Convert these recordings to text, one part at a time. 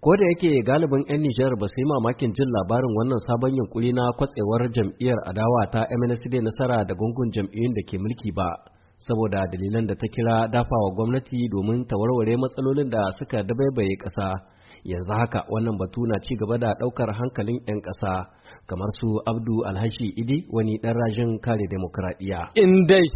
ko da yake galibin 'yan nijar ba su yi mamakin jin labarin wannan sabon yunkuri na kwatsewar jam'iyyar adawa ta mnsd nasara da gungun jam'iyyun da ke mulki ba saboda dalilan da ta kira dafawa gwamnati domin ta warware matsalolin da suka dabaibaye ƙasa yanzu haka wannan batu na ci gaba da ɗaukar hankalin 'yan ƙasa kamar su abdu alhashi idi wani ɗan rajin kare demokradiyya in dai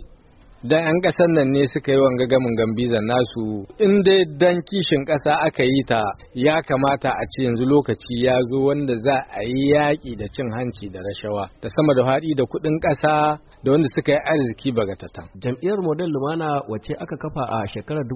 dan 'yan ƙasar nan ne suka yi wanga gamin gambiza nasu in dai dan kishin ƙasa aka yi ta ya kamata a ce yanzu lokaci ya zo wanda za a yi yaƙi da cin hanci da rashawa da sama da haɗi da kuɗin ƙasa da wanda suka yi arziki bagatatan. Jam'iyyar Model Lumana wace aka kafa a shekarar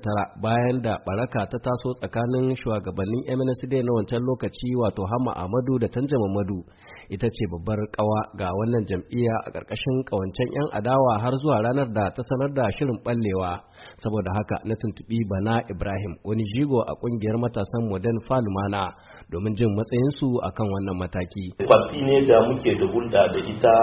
tara bayan da baraka ta taso tsakanin shugabannin MNSD na wancan lokaci wato Hama Amadu da Tanja Mamadu ita ce babbar kawa ga wannan jam'iyya a ƙarƙashin ƙawancen 'yan adawa har zuwa ranar da ta sanar da shirin ɓallewa saboda haka na tuntuɓi bana ibrahim wani jigo a ƙungiyar matasan modern falumana domin jin matsayinsu akan wannan mataki Fati ne da muke da hulɗa da ita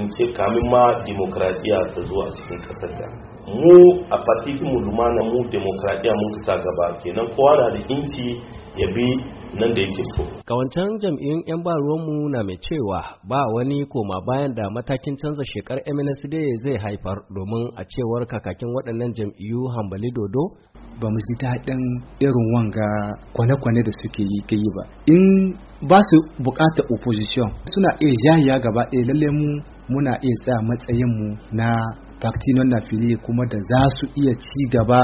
in ce kamin ma dimokuraɗiyya ta zuwa cikin ƙasar da mu a fatikin mu lumana mu demokradiyya mun kasa gaba kenan kowa na da inci ya bi nan da yake so. Kawancan jam'iyyun 'yan ba ruwanmu na mai cewa ba wani koma bayan da matakin canza shekar MNSD zai haifar domin a cewar kakakin waɗannan jam'iyyu hambali dodo. Ba mu ji daɗin irin wanga kwane-kwane da suke yi ke yi ba. In ba su buƙatar opposition suna iya jayya gaba ɗaya lalle mu muna iya tsaya matsayinmu na faktinon na fili kuma da za su iya ci gaba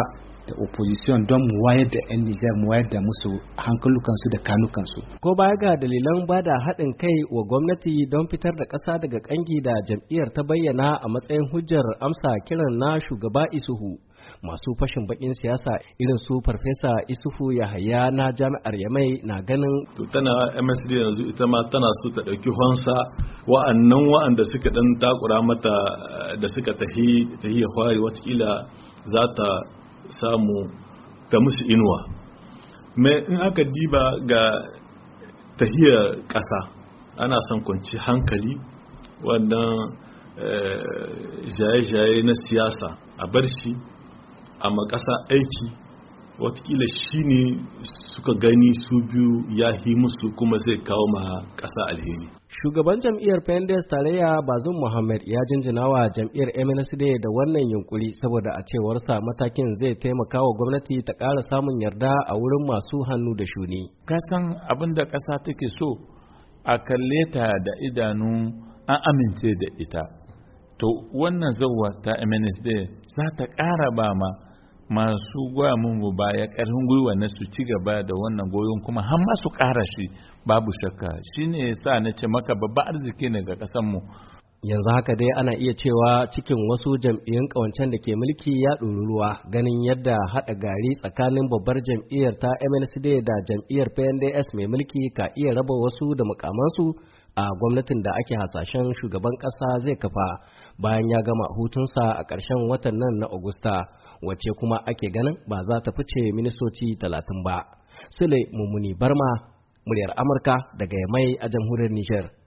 da opposition don mu wayar da 'yan Nijar mu wayar da musu hankalukansu da kanukansu. Ko ba ga dalilan ba da haɗin kai wa gwamnati don fitar da ƙasa daga ƙangi da jam'iyyar ta bayyana a matsayin hujjar amsa kiran na shugaba Isuhu. Masu fashin bakin siyasa irin su Farfesa Isuhu Yahaya na jami'ar Yamai na ganin. Tana MSD yanzu ita ma tana so ta ɗauki honsa wa'annan wa'anda suka ɗan takura mata eh, da suka tahi tahi ya wata watakila za ta samu ta musu inuwa mai in aka diba ga tahiyar ƙasa ana son kwanci hankali wannan jaye-jaye eh, na siyasa a bar shi amma ƙasa aiki watakila shi ne suka gani su biyu ya yi musu kuma zai kawo ma ƙasa alheri. Shugaban jam'iyyar PNDS tarayya Bazum Muhammad ya jinjina wa jam'iyyar MNSD da wannan yunkuri saboda a cewarsa matakin zai taimaka wa gwamnati ta ƙara samun yarda a wurin masu hannu da shuni. Kasan abin da ƙasa take so a kalle ta da idanu an amince da ita. To wannan zauwa ta MNSD za ta ƙara ba ma masu goya mun baya karfin gwiwa na su ci gaba da wannan goyon kuma har ma su ƙara shi babu shakka shine yasa na ce maka babba arziki ne ga ƙasar mu yanzu haka dai ana iya cewa cikin wasu jam'iyyun kawancen da ke mulki ya ɗori ruwa ganin yadda haɗa gari tsakanin babbar jam'iyyar ta MNCD da jam'iyyar PNDS mai mulki ka iya raba wasu da mukamansu a gwamnatin da ake hasashen shugaban ƙasa zai kafa bayan ya gama hutunsa a ƙarshen watan nan na Agusta wacce kuma ake ganin ba za ta fice ministoci talatin ba. Sule Mummuni Barma, muryar Amurka daga Yamai a jamhuriyar Nijar.